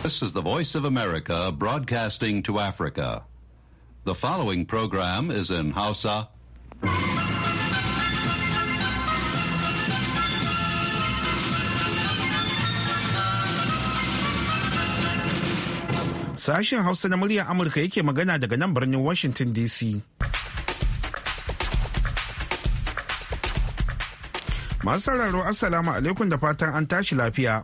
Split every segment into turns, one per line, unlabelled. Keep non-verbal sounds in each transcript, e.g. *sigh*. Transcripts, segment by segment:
This is the Voice of America broadcasting to Africa. The following program is in Hausa.
Sashen Hausa na muryar Amurka yake magana daga nan birnin Washington DC. Masu sauraro Assalamu alaikum da fatan an tashi lafiya.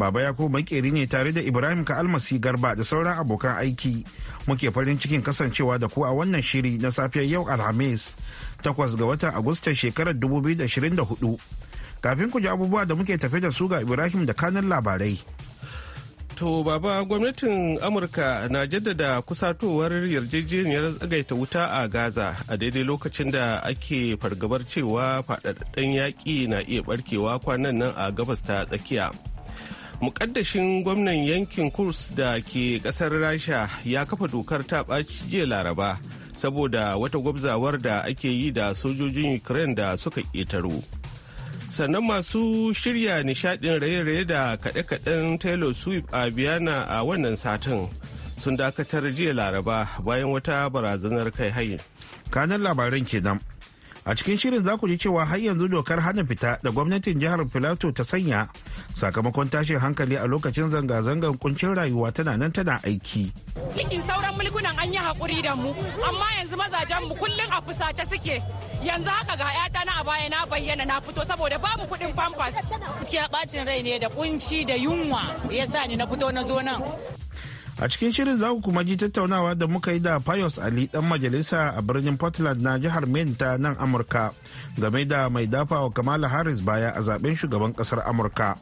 Baba ya Yakubu Makeri ne tare da Ibrahim ka almasi Garba da sauran abokan aiki. Muke farin cikin kasancewa da ku a wannan shiri na safiyar yau Alhamis, takwas ga watan Agustan shekarar 2024. Kafin ku ji abubuwa da muke tafe da su ga Ibrahim da kanan labarai.
To baba gwamnatin Amurka na jaddada kusatowar yarjejeniyar tsagaita wuta a Gaza a daidai lokacin da ake fargabar cewa faɗaɗɗen yaƙi na iya ɓarkewa kwanan nan a gabas ta tsakiya. mukaddashin gwamnan yankin kurs da ke kasar rasha ya kafa dokar ta ɓaci jiya laraba saboda wata gwabzawar da ake yi da sojojin ukraine da suka ƙetaro sannan masu shirya nishadin raye-raye da kaɗe-kaɗen taylor swift a biyana a wannan satin sun dakatar jiya laraba bayan wata barazanar kai hayin kanan labaran kenan a cikin
shirin za ku ji cewa har yanzu dokar hana fita da gwamnatin jihar filato ta sanya sakamakon tashin hankali a lokacin zanga-zangar kuncin rayuwa tana nan tana aiki
cikin sauran mulkunan an yi haƙuri da mu amma yanzu mazajen mu kullum a fusace suke yanzu haka ga yata na a baya na bayyana na fito saboda babu kuɗin pampas gaskiya bacin rai ne da kunci da yunwa yasa ni na fito na zo nan
a cikin shirin za ku kuma ji tattaunawa da muka yi da pius ali dan majalisa a birnin portland na jihar maine ta nan amurka game da mai dafawa wa kamala harris baya a zaben shugaban kasar amurka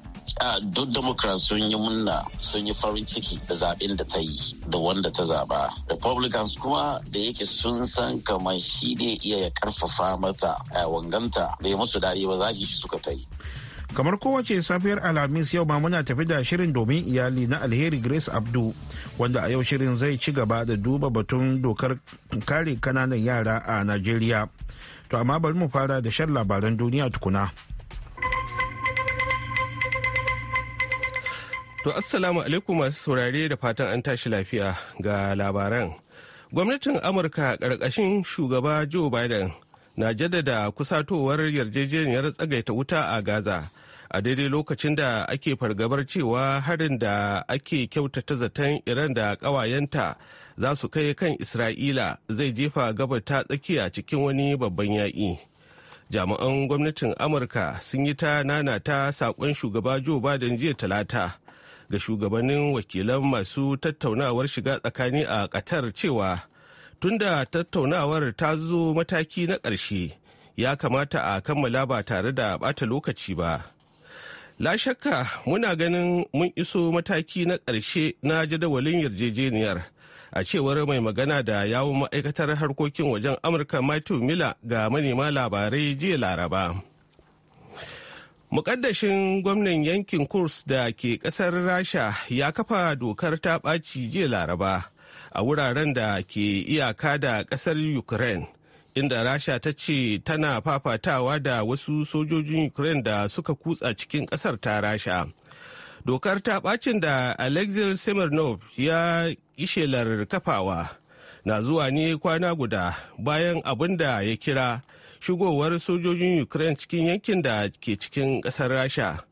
duk democrats sun yi munna sun yi farin ciki da zaben da ta yi da wanda ta zaba republicans kuma da yake sun san kamar shi ne iya ya karfafa mata wanganta bai musu dadi ba zagi shi suka ta yi
kamar kowace safiyar alhamis yau ma muna tafi da shirin domin iyali na alheri grace abdu wanda a yau shirin zai ci gaba da duba batun dokar kare kananan yara a najeriya to amma bari mu fara da shan labaran duniya tukuna
to assalamu alaikum masu saurare da fatan an tashi lafiya ga labaran gwamnatin amurka ƙarƙashin shugaba joe biden na jaddada kusatowar yarjejeniyar tsagaita wuta a gaza a daidai lokacin da ake fargabar cewa harin da ake kyautata zaton iran da kawayenta za su kai kan isra'ila zai jefa gabar ta tsakiya cikin wani babban yaƙi jami'an gwamnatin amurka sun yi ta nana ta saƙon shugaba joe biden jiya talata ga shugabannin wakilan masu tattaunawar shiga tsakani a qatar cewa tunda tattaunawar ta zo mataki na ƙarshe ya kamata a kammala ba tare da ɓata lokaci ba La shakka muna ganin mun iso mataki na ƙarshe na jadawalin yarjejeniyar. A cewar mai magana da yawon ma'aikatar harkokin wajen Amurka Matthew Miller ga manema labarai jiya Laraba. Mukaddashin gwamnan yankin Kurs da ke ƙasar Rasha ya kafa dokar ta ɓaci jiya Laraba a wuraren da ke iyaka da ƙasar Ukraine inda rasha ta ce tana fafatawa da wasu sojojin ukraine da suka kutsa cikin kasar ta rasha dokar ta bacin da alexei semenov ya shelar kafawa na zuwa ne kwana guda bayan abin da ya kira shigowar sojojin ukraine cikin yankin da ke cikin kasar rasha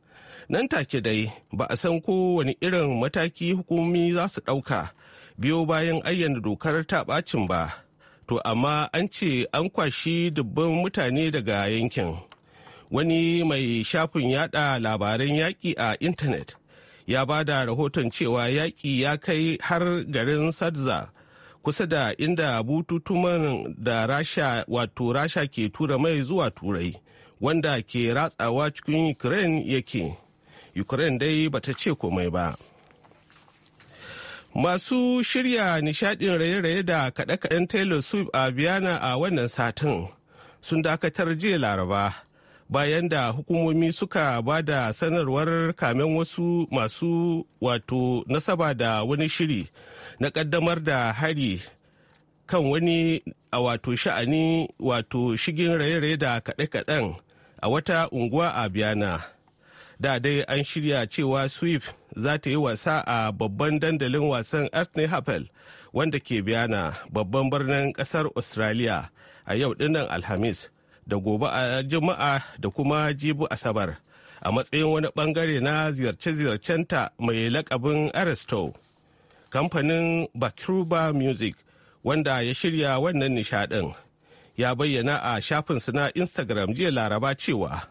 nan take dai ba a san ko wani irin mataki hukumomi za su ɗauka biyo bayan ayyana dokar ta bacin ba to amma an ce an kwashi dubban mutane daga yankin wani mai shafin yada labaran yaƙi a intanet ya ba da rahoton cewa yaƙi ya kai har garin sadza kusa da inda bututuman da rasha wato rasha ke tura mai zuwa turai wanda ke ratsawa cikin ukraine yake ukraine dai bata ce komai ba Masu shirya nishadin raye-raye da kaɗe-kaɗen Taylor Swift a Biyana a wannan satin sun dakatar jiya Laraba bayan da hukumomi suka ba da sanarwar kamen wasu masu wato nasaba da wani shiri na ƙaddamar da hari kan wani a wato sha'ani wato shigin raye-raye da kaɗe-kaɗen a wata unguwa a Biyana. da dai an shirya cewa swift za ta yi wasa a babban dandalin wasan ethne hapel wanda ke biyana babban birnin kasar australia a yau dinnan alhamis da gobe a juma'a da kuma jibu asabar a matsayin wani bangare na ziyarce-ziyarcenta mai lakabin aristo kamfanin bakruba music wanda ya shirya wannan nishadin ya bayyana a shafinsu na instagram jiya laraba cewa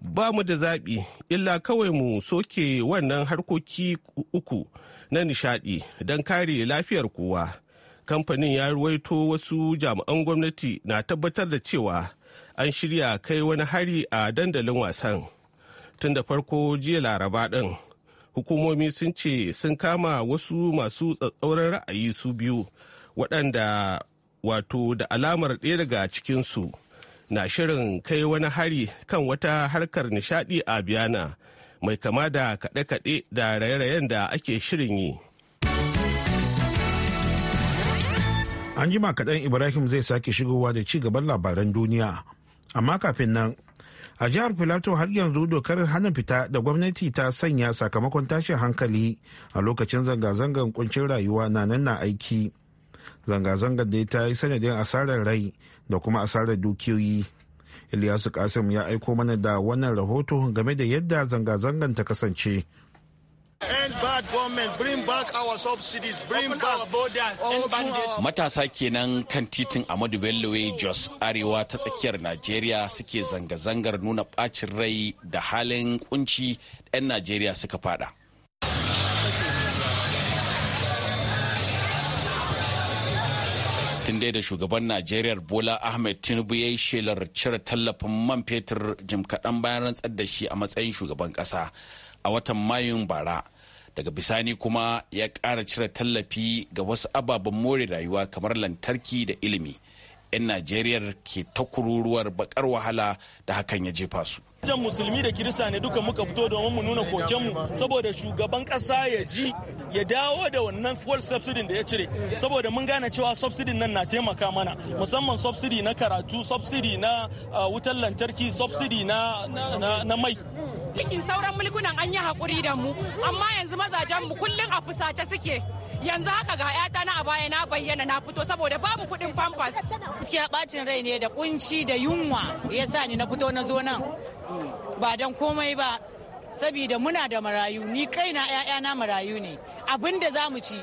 ba mu da zaɓi illa kawai mu soke wannan harkoki uku na nishaɗi don kare lafiyar kowa kamfanin ya ruwaito wasu jami'an gwamnati na tabbatar da cewa an shirya kai wani hari a dandalin wasan tun da farko jiya laraba ɗin hukumomi sun ce sun kama wasu masu tsatsauran ra'ayi su biyu waɗanda wato da alamar ɗaya daga cikinsu. na shirin kai wani hari kan wata harkar nishadi a biyana mai kama da kaɗe-kaɗe da raye-rayen da ake shirin yi.
An jima kaɗan Ibrahim zai sake shigowa da ci gaban labaran duniya. Amma kafin nan, a jihar Filato har yanzu dokar hana fita da gwamnati ta sanya sakamakon tashin hankali a lokacin zanga-zangar kuncin rayuwa na nan na aiki. Zanga-zangar da ta yi sanadin asarar rai da kuma asarar dukiyoyi Ilyasu Kasim ya aiko mana da wannan rahoto game da yadda zanga-zangan ta kasance.
Matasa kenan kan titin Amadu Bello Jos Arewa ta tsakiyar Najeriya suke zanga-zangar nuna ɓacin rai da halin kunci 'yan Najeriya suka fada. tun dai da shugaban najeriya bola ahmed tinubu ya yi shelar cire tallafin man fetur jim kaɗan bayan rantsar da shi a matsayin shugaban ƙasa a watan mayun bara daga bisani kuma ya ƙara cire tallafi ga wasu ababen more rayuwa kamar lantarki da ilimi 'yan najeriya ke ta kururuwar bakar wahala da hakan ya jefa su
jan musulmi da kirista ne duka muka fito domin mu nuna kokenmu saboda shugaban kasa ya ji ya dawo da wannan fuel subsidy da ya cire saboda mun gane cewa subsidy nan na taimaka mana musamman subsidy na karatu subsidy na ah, wutar lantarki subsidy na mai
cikin sauran mulkunan an yi haƙuri da mu amma yanzu mazajen mu kullum a fusace suke yanzu haka ga yata na a baya na bayyana na fito saboda babu kuɗin pampas gaskiya bacin rai ne da kunci da yunwa yasa ni na fito na zo nan ba don komai ba saboda muna da marayu ni kaina na marayu ne abin da za mu ci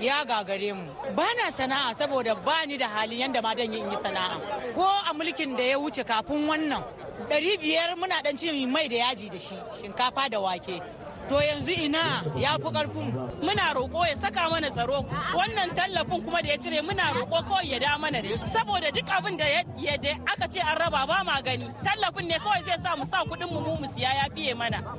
ya gagare mu ba na sana'a saboda ba ni da hali yadda ma dan yi sana'a ko a mulkin da ya wuce kafin wannan ɗari biyar muna dan cin mai da yaji da shi shinkafa da wake to yanzu ina ya fi karfin muna roƙo ya saka mana tsaro wannan tallafin kuma da ya cire muna roƙo kawai ya da mana da shi saboda duk abin da ya da aka ce an raba ba ma gani tallafin ne kawai zai sa mu sa kuɗin mu mu siya ya fiye mana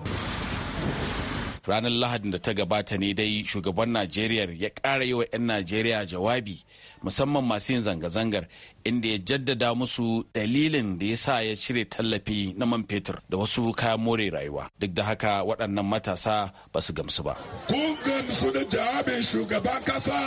ranar lahadin da ta gabata ne dai shugaban najeriya ya ƙara yi wa 'yan najeriya jawabi musamman masu yin zanga-zangar inda ya jaddada musu dalilin da ya sa ya cire tallafi na man fetur da wasu kayan more rayuwa duk da haka waɗannan matasa ba su gamsu ba
kun gamsu da jawabin shugaban kasa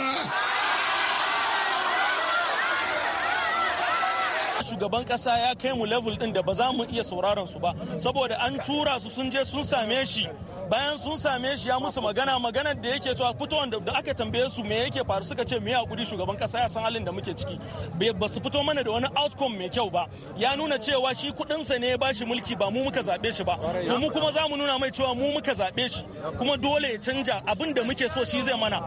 shugaban kasa ya kai mu level din da ba za mu iya sauraron su ba saboda an tura su sun je sun same shi bayan sun same shi ya musu magana magana da yake cewa fito da aka tambaye su me yake faru suka ce me hakuri shugaban kasa ya san halin da muke ciki ba su fito mana da wani outcome mai kyau ba ya nuna cewa shi kudin sa ne ya bashi mulki ba mu muka zabe shi ba to mu kuma mu nuna mai cewa mu muka zabe shi kuma dole ya canja abin da muke so shi zai mana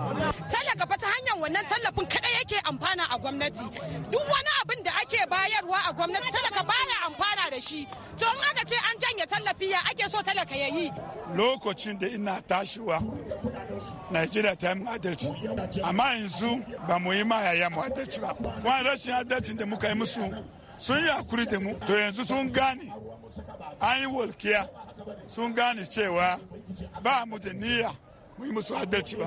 talaka fa ta hanyar wannan tallafin kada yake amfana a gwamnati duk wani abin da ake bayar uwa a gwamnati talaka baya amfana da shi to in aka ce an janye tallafi ya ake so talaka ya yi
lokacin da ina
tashiwa Najeriya ta yi adalci amma yanzu ba mu yi ma yaya mu adalci ba wani rashin adalcin da muka yi musu sun yi hakuri da mu to yanzu sun gane an yi walkiya sun gane cewa ba mu da
niyya mu yi musu adalci ba.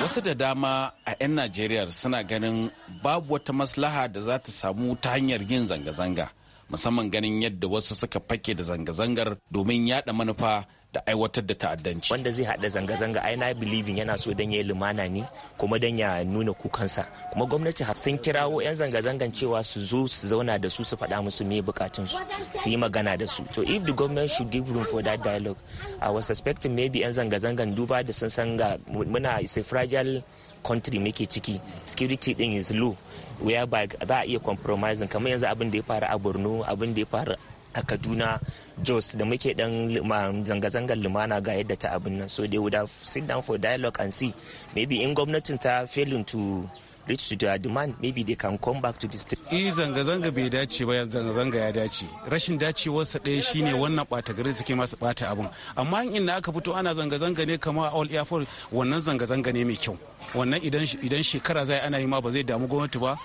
Wasu da dama a 'yan Najeriya suna ganin babu wata maslaha da za ta samu ta hanyar yin zanga-zanga. Musamman ganin yadda wasu suka fake da zanga-zangar domin yada manufa da aiwatar da ta'addanci wanda zai haɗa zanga-zanga ai na believing yana so dan ya
lumana ne kuma dan ya nuna kukansa kuma gwamnati har. sun kirawo 'yan zanga-zangan cewa su zo su zauna da su su faɗa musu me bukatun su su yi magana da su to if the government should give room for that dialogue i was suspecting maybe 'yan zanga-zangan duba da sun san ga muna is a fragile country muke ciki security din is low whereby za a iya compromising kamar yanzu abin da ya faru a borno abin da ya faru a kaduna jos da muke dan zanga-zangar lumana ga yadda ta abin nan so they would have sit down for dialogue and see maybe in gwamnatin ta failing to reach to their demand maybe they can come back to the state. Eh
zanga-zanga bai dace ba zanga-zanga ya dace. Rashin dacewarsa ɗaya shine wannan ɓata gari suke masu ɓata abun. Amma in na aka fito ana zanga-zanga ne kamar all airport wannan zanga-zanga ne mai kyau. Wannan idan shekara zai ana yi ma ba zai damu gwamnati ba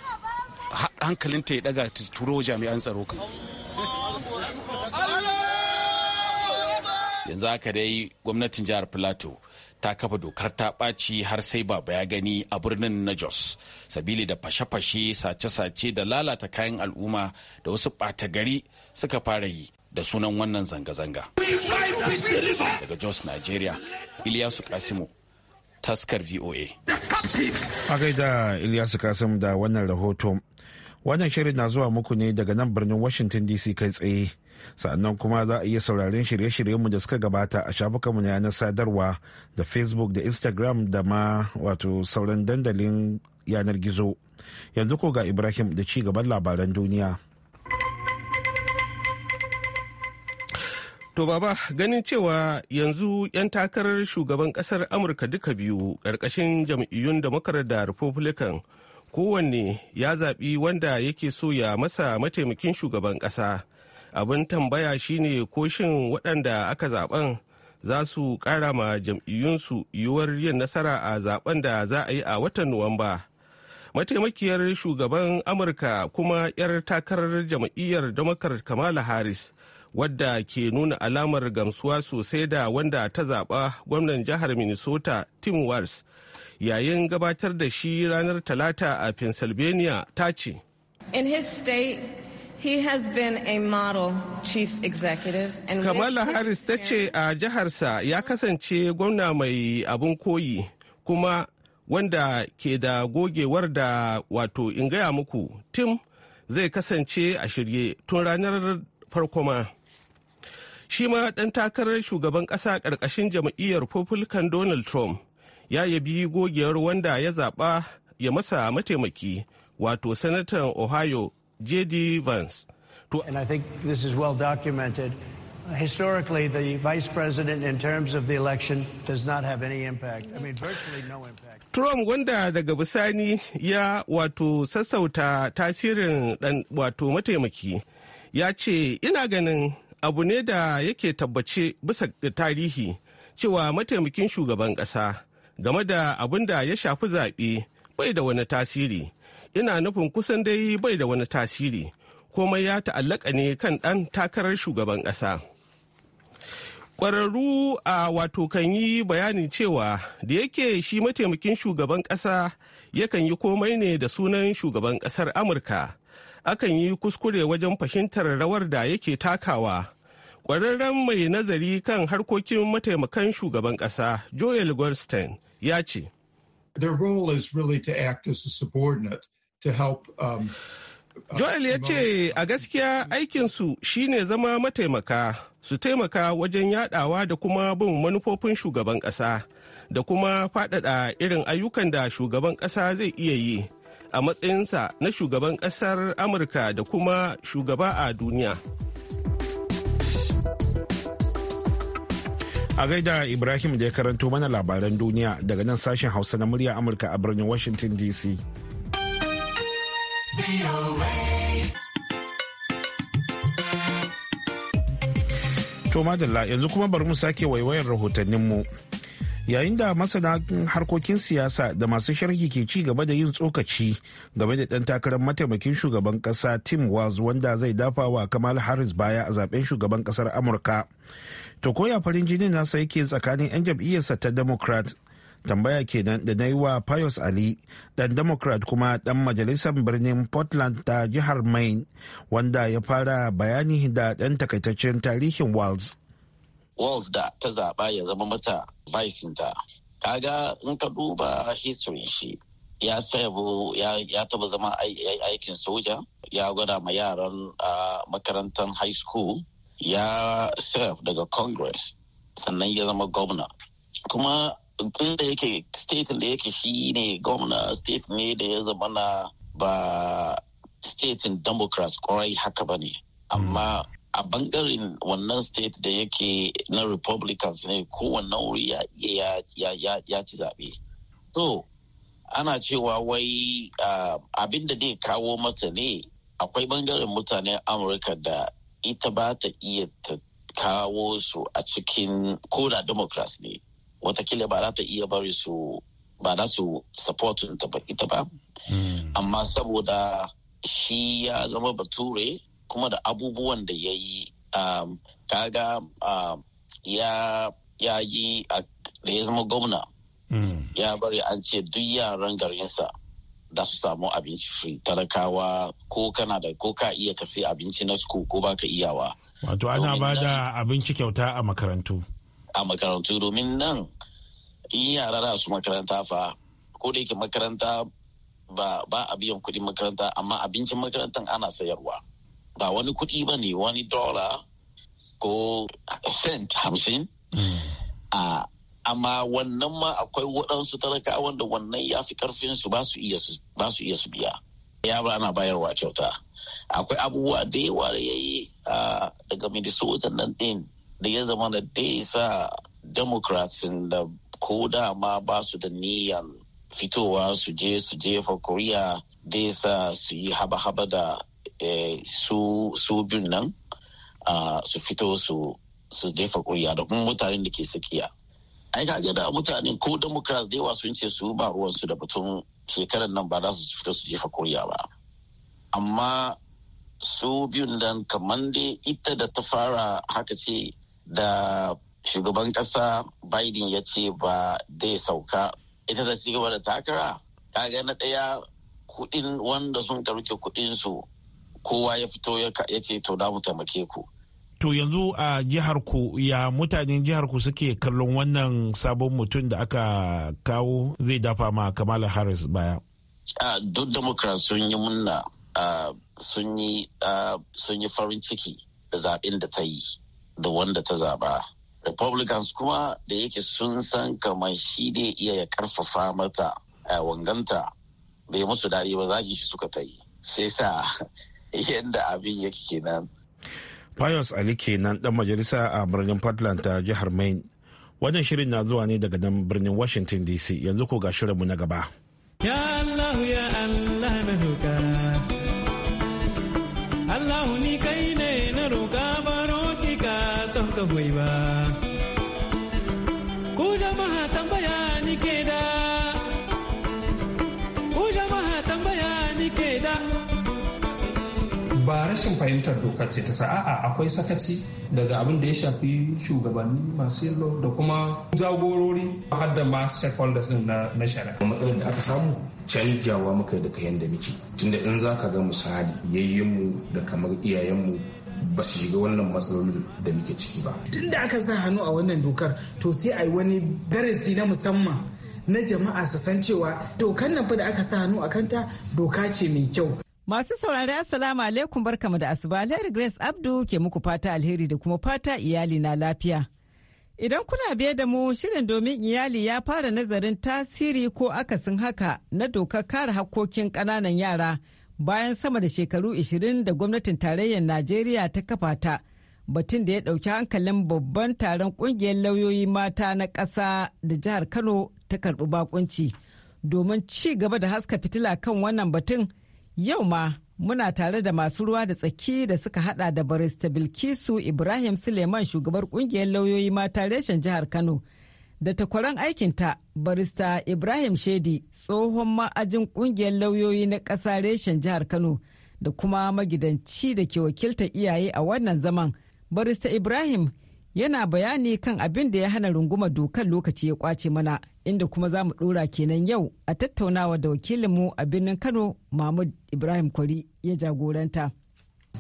hankalin ta ya daga turo jami'an tsaro ka. yanzu haka dai gwamnatin jihar plateau ta kafa dokar ta ɓaci har sai baba ya gani a birnin na jos sabili da fashe-fashe sace-sace da lalata kayan al'umma da wasu ɓata gari suka fara yi da sunan wannan zanga-zanga daga jos nigeria iliyasu kasimu taskar voa
a gaida iliyasu kasimu da wannan rahoto wannan shirin na zuwa muku ne daga nan birnin washington dc kai tsaye sannan kuma za a iya sauraren shirye-shiryenmu da suka gabata a shafukanmu na yanar sadarwa da facebook da instagram da ma wato sauran dandalin yanar gizo yanzu ko ga ibrahim da ci gaban labaran
duniya To baba ganin cewa yanzu 'yan takarar shugaban kasar Amurka duka biyu ƙarƙashin jam'iyyun Democrat da Republican kowanne ya zaɓi wanda yake so ya masa mataimakin shugaban ƙasa abin tambaya shine ko shin waɗanda aka zaben za su ƙara ma jam'iyyunsu yiwuwar yin nasara a zaben da za a yi a watan nuwamba mataimakiyar shugaban amurka kuma 'yar takarar jam'iyyar damakar kamala harris wadda ke nuna alamar gamsuwa sosai da wanda ta zaɓa gwamnan jihar minnesota tim wars yayin gabatar da shi ranar talata a pennsylvania ta ce
in his state Kamala
Harris ta ce a jiharsa ya kasance gwamna mai abin koyi kuma wanda ke da gogewar da wato in gaya muku tim zai kasance a shirye tun ranar farko ma. Shi ma ɗan takarar shugaban ƙasa ƙarƙashin jam'iyyar Republican Donald Trump ya yabi gogewar wanda ya zaɓa ya masa mataimaki wato sanatan Ohio jd vance
and i think this is well documented historically the vice president in terms of the election does not have any impact i mean virtually no impact
trump wanda daga bisani ya wato sassauta tasirin dan wato mataimaki ya ce ina ganin abu ne da yake tabbace bisa tarihi cewa mataimakin shugaban ƙasa game da abin da ya shafi zaɓe bai da wani tasiri ina nufin kusan dai bai da wani tasiri komai ya ta'allaka ne kan ɗan takarar shugaban ƙasa. Ƙwararru a wato kan yi bayanin cewa da yake shi mataimakin shugaban ƙasa yakan yi komai ne da sunan shugaban ƙasar Amurka. Akan yi kuskure wajen fahimtar rawar da yake takawa. Ƙwararren mai nazari kan harkokin mataimakan shugaban ƙasa Joel Goldstein ya ce.
Their role is really to act as a subordinate to help. Um,
uh, Joel ya ce a gaskiya aikinsu shine zama mataimaka su taimaka wajen yadawa da kuma bin manufofin shugaban ƙasa da kuma faɗaɗa irin ayyukan da shugaban ƙasa zai iya yi a matsayinsa na shugaban ƙasar Amurka da kuma shugaba a duniya.
A gaida Ibrahim da ya karanto mana labaran duniya daga nan sashen Hausa na murya Amurka a birnin Washington DC. To madalla yanzu kuma bari mu sake waiwayar rahotanninmu. yayin da masana harkokin siyasa da masu sharhi ke ci gaba da yin tsokaci game da ɗan takarar mataimakin shugaban ƙasa tim waz wanda zai dafa wa kamal harris baya a zaben shugaban ƙasar amurka to koya farin jini nasa yake tsakanin 'yan jam'iyyarsa ta democrat tambaya kenan da na yi wa pius ali ɗan democrat kuma ɗan majalisar birnin portland ta jihar maine wanda ya fara bayani da ɗan takaitaccen tarihin walz
Walls da ta zaɓa ya zama mata vicinta. Kaga in ka duba history shi ya saibo ya taba zama aikin soja ya gwada ma yaran a makarantar high school ya serve daga congress sannan ya zama gwamna kuma inda yake state da yake shi ne gwamna state ne da ya zama na ba state democrats kwarai haka ba ne amma a bangaren wannan state da yake na republicans ne kowanne wuri ya ci zaɓe so ana cewa wai abin da dai kawo mata ne akwai bangaren mutanen amurka da ita ba ta iya ta kawo su a cikin koda democrats ne watakila ba za ta iya bari su ba za su supportin ta ba ita ba hmm. amma saboda shi ya zama bature kuma da abubuwan da ya yi um, kaga um, ya yi da ya zama gwamna mm. ya bari an ce duk yaran garinsa da su samu abinci free talakawa ko kana da ko ka iya ka sai abinci na suku ko baka iyawa
wato ana ba da abinci kyauta a makarantu
a makarantu domin nan in yara da su makaranta fa ko da yake makaranta ba ba a biyan kuɗin makaranta amma abincin makarantar ana sayarwa ba wani kuɗi ba ne wani dola ko cent hamsin hmm. a amma wannan ma akwai waɗansu talaka wanda wannan ya fi su ba su iya su biya ba ana bayarwa kyauta akwai abubuwa da yawa da ya yi daga minnesota nan ɗin da ya zama da dai sa democrats da ko da ma ba su da niyan fitowa su je su jefa korea dai sa su yi haba-haba da Eh, su su bin nan su fito su su jefa kuriya da kuma mutanen da ke sakiya. ai ga da mutanen ko democrats da yawa sun ce su ba ruwansu da batun shekarar nan ba za su fito su jefa kuriya ba amma su biyun nan kamar dai ita da ta fara haka ce da shugaban kasa biden ya ce ba dai sauka ita ta cigaba da takara kaga na ɗaya kudin wanda sun karuke kudin su kowa ya fito ya ce to da mu taimake ku
to yanzu a jihar ku ya mutanen jihar ku suke kallon wannan sabon mutum da aka kawo zai dafa ma kamala harris baya
a duk democrat sun yi munna sun yi farin ciki da zaɓin da ta yi da wanda ta zaɓa republicans kuma da yake sun san kamar shi ne iya ya karfafa mata wanganta bai musu daɗi ba zagi shi suka ta yi sai sa yadda abin yake kenan.
Pius Ali kenan dan majalisa a birnin Portland ta jihar Maine. Wannan shirin na zuwa ne daga nan birnin Washington DC yanzu ko ga shirinmu na gaba.
Ya Allah ya Allah na roƙa. Allah ni kai ne na roka baro ki ka tohka ba. ba rashin fahimtar dokar ce ta sa'a akwai sakaci daga abin da ya shafi shugabanni masu yin
da kuma jagorori har da ma stakeholders na shari'a. matsalar da aka samu canjawa muka da kayan da muke tunda in za ka ga misali yayyenmu
da kamar iyayenmu ba su shiga wannan matsalolin da muke ciki ba. Tun da aka sa hannu a wannan dokar to sai a yi wani darasi na musamman na jama'a su san cewa dokar nan fa da aka sa hannu a kanta doka ce mai kyau
Masu saurari Assalamu alaikum barkamu da asuba Larry Grace Abdu ke muku fata alheri da kuma fata iyali na lafiya. Idan kuna biye da mu shirin domin iyali ya fara nazarin tasiri ko akasin haka na dokar kare hakkokin ƙananan yara bayan sama da shekaru 20 da gwamnatin tarayyar Najeriya ta kafa ta batun da ya ɗauki hankalin babban taron ƙungiyar lauyoyi mata na ƙasa da jihar Kano ta karɓi bakunci domin ci gaba da haska fitila kan wannan batun. Yau ma muna tare da masu ruwa da tsaki da suka hada da barista Bilkisu Ibrahim Suleiman shugabar kungiyar lauyoyi mata reshen jihar Kano da takwaran aikinta barista Ibrahim Shedi tsohon ma'ajin kungiyar lauyoyi na ƙasa reshen jihar Kano da kuma magidanci da ke wakiltar iyaye a wannan zaman. Barista Ibrahim yana bayani kan abin da ya hana runguma dokar lokaci ya kwace mana inda kuma za mu dora kenan yau a tattaunawa da wakilinmu a birnin kano mahmud ibrahim kwari ya jagoranta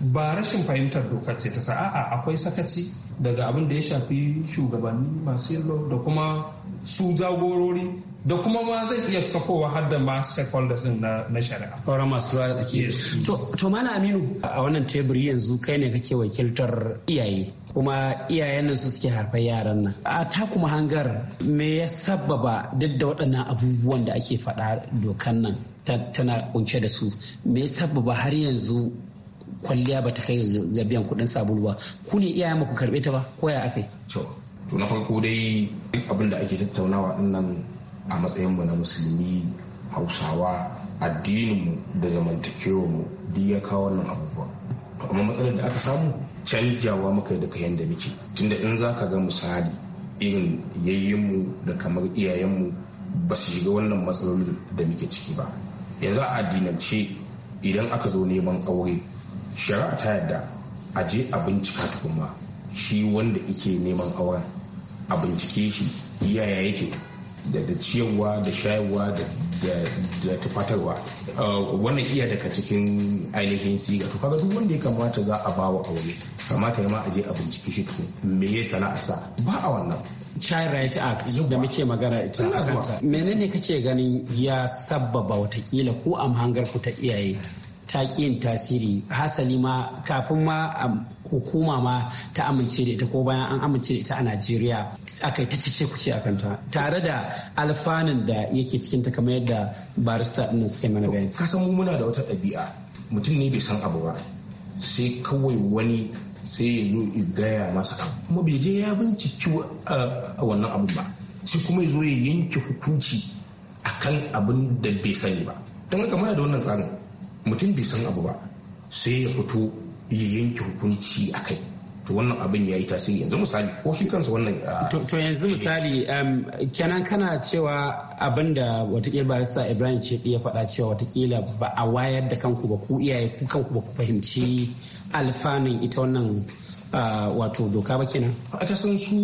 ba rashin fahimtar dokar ce ta sa'a akwai sakaci daga abin da ya shafi shugabanni masu yin da kuma su jagorori da kuma ma zai iya
sakowa har da ma stakeholders na, na shari'a. Sauran masu ruwa da tsaki. To, to Aminu a wannan teburi yanzu kai ne kake wakiltar iyaye. kuma iyayen nan su suke harfa yaran nan a ta kuma hangar me ya sababa duk da waɗannan abubuwan da ake faɗa dokan nan tana kunshe da su me ya sababa har yanzu kwalliya ba ta kai ga biyan kuɗin sabulu ba ku ne iyayen ku karɓe ta ba ko ya akai to
na farko dai abin da ake tattaunawa nan a matsayin mu na musulmi hausawa addinin mu da zamantakewa duk ya kawo wannan abubuwa to amma matsalar da aka samu canjawa muka kayan da muke tunda in za ka ga misali irin yayyinmu da kamar iyayenmu ba su shiga wannan matsalolin da muke ciki ba yanzu a addinance idan aka zo neman aure shari'a ta yadda a je a bincika tukunma shi wanda ike neman auren a bincike shi iyaya yake da da ciyarwa da shayarwa da da tufatarwa uh, wannan iya daga cikin ainihin siga to kaga duk wanda ya kamata za a bawa aure kamata ya ma a je a binciki shi tukun me ya sana'a sa
ba a wannan child right act da muke magana ita menene kake ganin ya sabbaba watakila ko amhangar ku ta iyaye ta yin tasiri hasali ma kafin ma hukuma ma ta amince da ita ko bayan an amince da ita a najeriya aka yi ta cece kuce a kanta tare da alfanun da yake cikin ta kamar yadda barista ɗin suke mana bayani kasan muna da wata ɗabi'a mutum ne bai san abu ba
sai kawai wani sai ya zo ya gaya masa abu kuma bai je ya binciki wannan abu ba sai kuma ya zo ya yanke hukunci akan abin da bai sani ba don haka muna da wannan tsarin mutum bai san abu ba sai ya fito ya yanke hukunci a kai to wannan abin ya yi tasiri yanzu misali ko shi kansa wannan ah,
to yanzu misali um, kenan kana cewa abin da watakila barista ibrahim ce ya faɗa cewa watakila ba a wayar da kanku ba ku iyaye ku kanku ba ku fahimci alfanun ita wannan ah, wato doka ba kenan aka san su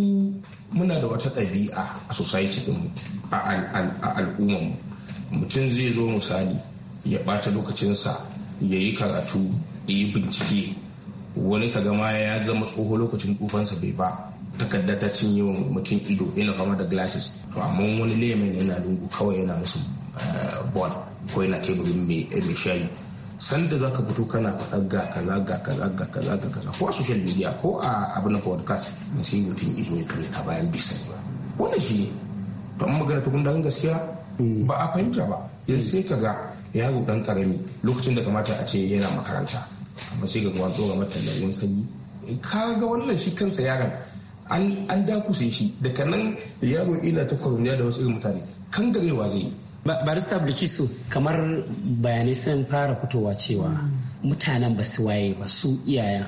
muna da wata ɗabi'a a society din a al'ummar
mu mutum zai zo misali ya ɓata lokacinsa ya yi karatu ya yi bincike wani kaga ma ya zama tsoho lokacin tsufansa bai ba takarda ta cinye wa mutum ido yana fama da glasses to amma wani lemon yana lungu kawai yana musu eh, ball ko yana teburin mai shayi sanda za ka fito kana faɗa ga kaza ga kaza ga kaza ga kaza ko a social media ko a abin na podcast na sai mutum izo ya kare ka bayan bisa ba wannan shi ne to an magana tukun gaskiya mm. ba a fahimta ba yanzu sai ka ga yaro dan karami lokacin da kamata a ce yana makaranta amma sai ga kwanto ga matallan sanyi ka ga wannan shi kansa yaron an
dakuse shi daga nan yaro ina ta kwaruniya da wasu irin mutane kan garewa zai yi barista bilkisu kamar bayanai sun fara fitowa cewa mutanen ba su waye ba su iyayen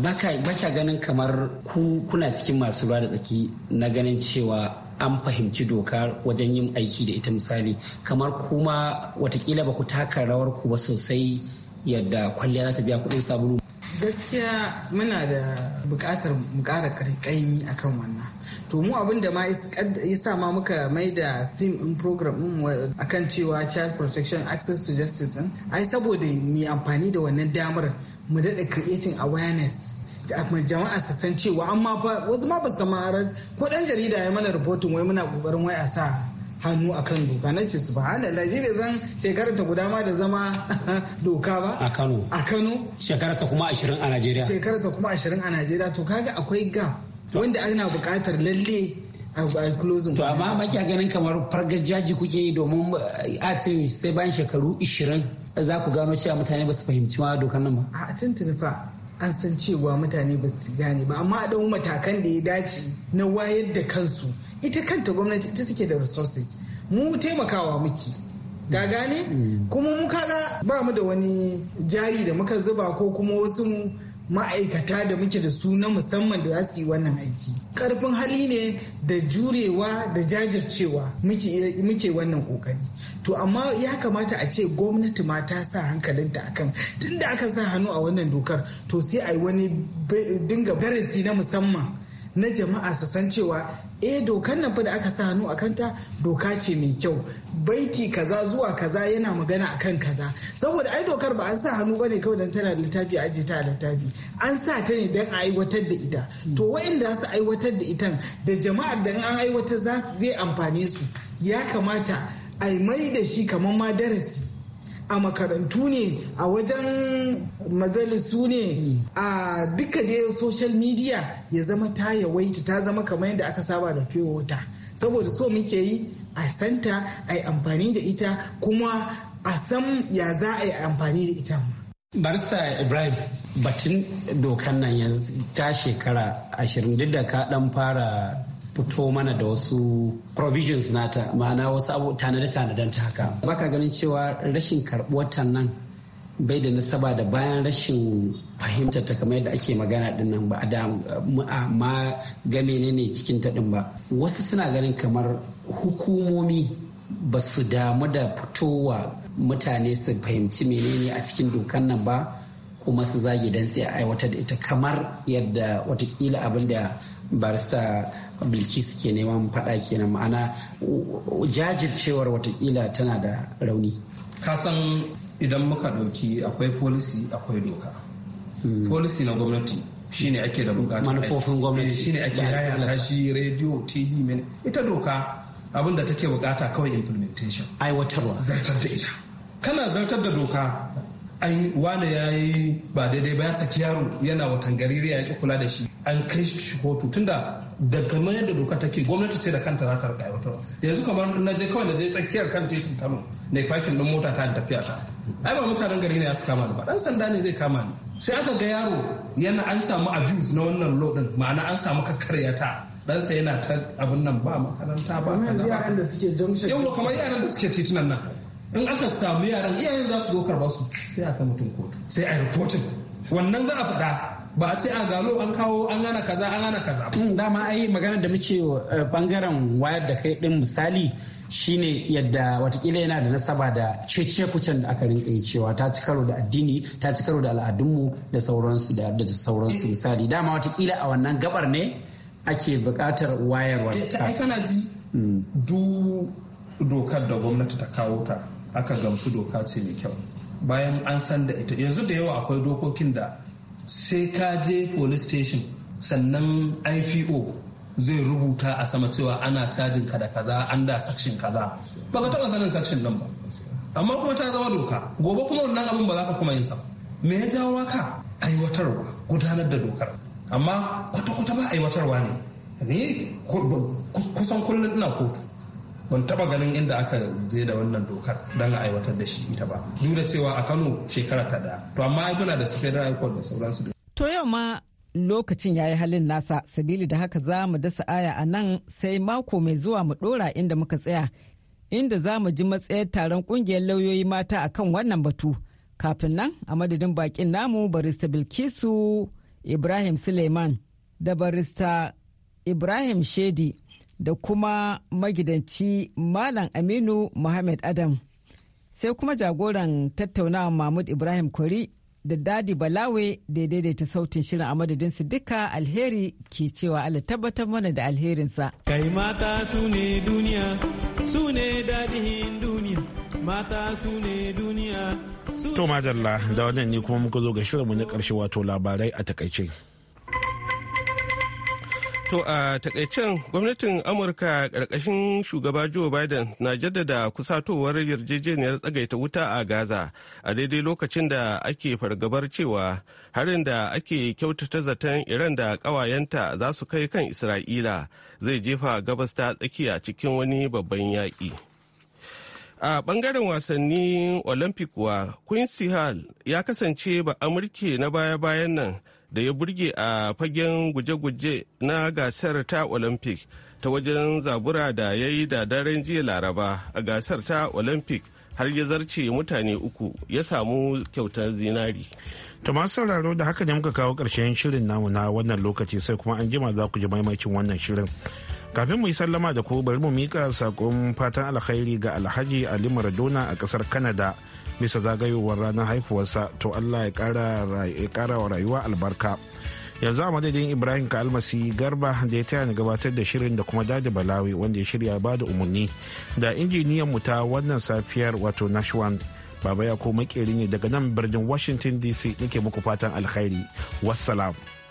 ba ka ganin kamar ku kuna cikin masu ruwa da tsaki na ganin cewa an fahimci doka wajen yin aiki da ita misali kamar kuma watakila ba ku taka rawar ku ba sosai yadda kwalliya za ta biya kuɗin
sabulu. gaskiya muna da buƙatar mu ƙara ƙaimi akan wannan to mu abin da ma isa ma muka mai da theme in program din akan cewa child protection access to justice ai saboda mu amfani da wannan damar mu daɗa creating awareness jama'a su san cewa amma fa wasu ma ba su ma ko dan jarida ya mana rahoton wai muna kokarin wai a sa hannu a kan doka na ce su ba hala laji bai zan shekarar ta guda ma da zama *laughs* doka ba a Kano a Kano
shekarar ta kuma ashirin a Najeriya
shekarar ta kuma ashirin a Najeriya to kaga akwai ga wanda ana buƙatar lalle a closing to amma baki ganin kamar fargajaji kuke yi domin eh, a ce sai bayan shekaru 20 za ku gano cewa mutane ba su fahimci ma dokar nan ba a tuntuni fa an san cewa mutane ba su gane ba amma a ɗau matakan da ya dace na wayar da kansu ita kanta gwamnati ita take da resources mu taimakawa muke ga gane mm. kuma mu kaga ba mu da wani jari da muka zuba ko kuma wasu ma'aikata da muke da su na musamman da za su yi wannan aiki karfin hali ne da jurewa da jajircewa muke wannan kokari to amma ya kamata a ce gwamnati ma ta sa hankalinta akan tunda aka sa hannu a wannan dokar to sai a yi wani dinga darasi na musamman na jama'a su san cewa eh dokar nan fa da aka sa hannu a kanta doka ce mai kyau baiti kaza zuwa kaza yana magana akan kaza saboda ai dokar ba an sa hannu bane kawai dan tana littafi a ta a littafi an sa ta ne dan a aiwatar da ita to za su aiwatar da ita da jama'ar da an aiwatar za zai amfane su ya kamata a mai da shi kamar madarasi a makarantu ne a wajen majalisu ne a duka dai social media ya zama ta yawaita ta zama kamar yadda aka saba da pure water saboda so muke yi a santa a yi amfani da ita kuma a san ya za a yi amfani da ita
barsa ibrahim batun dokan nan yanzu ta shekara ashirin duk da ka dan fara fito mana da wasu provisions nata ma'ana wasu abu tanade tanadan ta haka baka ganin cewa rashin karɓuwar nan bai da nasaba da bayan rashin fahimtar ta kamar yadda ake magana din nan ba da ma game ne ne cikin ta din ba wasu suna ganin kamar hukumomi ba su damu da fitowa mutane su fahimci menene a cikin dokan nan ba kuma su zage dan sai a aiwatar da ita kamar yadda watakila abin da barista bilkisu ke neman faɗa kenan ma'ana jajircewar watakila tana da rauni kasan idan muka ɗauki akwai policy akwai doka
hmm. policy na gwamnati shine ake da bukata manufofin gwamnati eh, shine ake yayata shi radio tv men ita doka abin da take bukata kawai implementation aiwatarwa zartar da ita kana zartar da doka an wane ya yi ba daidai ba ya saki yaro yana watan gariri ya ki kula da shi an kai shi kotu tunda da kamar yadda doka take gwamnati ce da kanta za ta rika aiwatarwa yanzu kamar na je kawai na je tsakiyar kan titin kano ne fakin din mota ta tafiya ta ai ba mutanen gari ne ya su kama ni ba dan sanda ne zai kama ni sai aka ga yaro yana an samu abuse na wannan lo din ma'ana an samu kakkarya ta ɗansa yana ta abin nan ba makaranta ba kaza
ba yau kamar
yaran da suke titinan nan in aka samu yaran iyayen za su zo karba su sai aka mutum kotu sai a reporting
wannan za a faɗa ba a ce a galo an kawo an gana kaza an gana kaza. Mm, dama ai magana da muke bangaren eh, wayar da kai din misali shine yadda watakila yana da nasaba da cece kucin da aka rinka cewa ta ci karo da addini ta ci karo da al'adunmu da sauransu da da sauransu misali dama watakila a wannan gabar ne ake buƙatar wayarwa. Eh, ai kana ji mm. du dokar da gwamnati ta kawo
ta aka gamsu doka ce mai kyau bayan an san da ita yanzu da yawa akwai dokokin da sai ka je police station sannan ipo zai rubuta a sama cewa ana cajin ka da kaza an da sakshin kaza ba ka taɓa sanin sakshin nan ba amma kuma ta zama doka gobe kuma wannan abin ba za ka kuma yin sa me ya jawo haka aiwatarwa gudanar da dokar amma kwata-kwata ba aiwatarwa ne ne kusan kullum ina kotu ban taba ganin inda aka je da wannan dokar don a aiwatar da shi ita ba duk da cewa a kano shekara ta daya to amma ai muna da su federal court da sauransu
to yau ma lokacin ya yi halin nasa sabili da haka za mu dasa aya a nan sai mako mai zuwa mu dora inda muka tsaya inda za mu ji matsayar taron kungiyar lauyoyi mata akan wannan batu kafin nan a madadin bakin namu barista bilkisu ibrahim suleiman da barista ibrahim shedi da kuma magidanci Malam Aminu Muhammad Adam. Sai kuma jagoran tattaunawa Mahmud Ibrahim kori da Dadi Balawe da daidaita sautin shirin a madadin su duka alheri ke cewa Allah tabbatar mana da
alherinsa.
Kai mata su ne duniya, su ne dadihin duniya,
mata su ne duniya. To
madalla da wannan ne kuma muka zo ga shirinmu na karshe wato labarai a takaice.
To a takaicen gwamnatin Amurka ƙarƙashin shugaba Joe Biden na jaddada kusatowar yarjejeniyar tsagaita wuta a Gaza a daidai lokacin da ake fargabar cewa harin da ake kyautata zaton Iran da ƙawayenta za su kai kan Isra'ila zai jefa gabas ta tsakiya cikin wani babban yaƙi. a bangaren wasanni olympic wa, quincy hall ya kasance ba amurke na baya-bayan nan da ya burge a fagen guje-guje na gasar ta olympic ta wajen zabura da ya yi da daren jiya laraba a gasar ta olympic har ya zarce mutane uku ya samu kyautar zinari ta masu sauraro
da haka ne muka kawo ƙarshen shirin namu na wannan lokaci sai kuma an jima za ku ji maimakin wannan shirin kafin mu yi sallama da ku bari mu mika saƙon fatan alkhairi ga alhaji ali maradona a ƙasar kanada. bisa zagayowar ranar haifuwarsa to allah ya kara wa rayuwa albarka yanzu a madadin ibrahim ka almasi garba da ya taya ni gabatar da shirin da kuma dada balawi wanda ya shirya ba da umarni da injiniyan mu ta wannan safiyar wato nashwan baba ya ko makeri ne daga nan birnin washington dc nake muku fatan alkhairi wassalam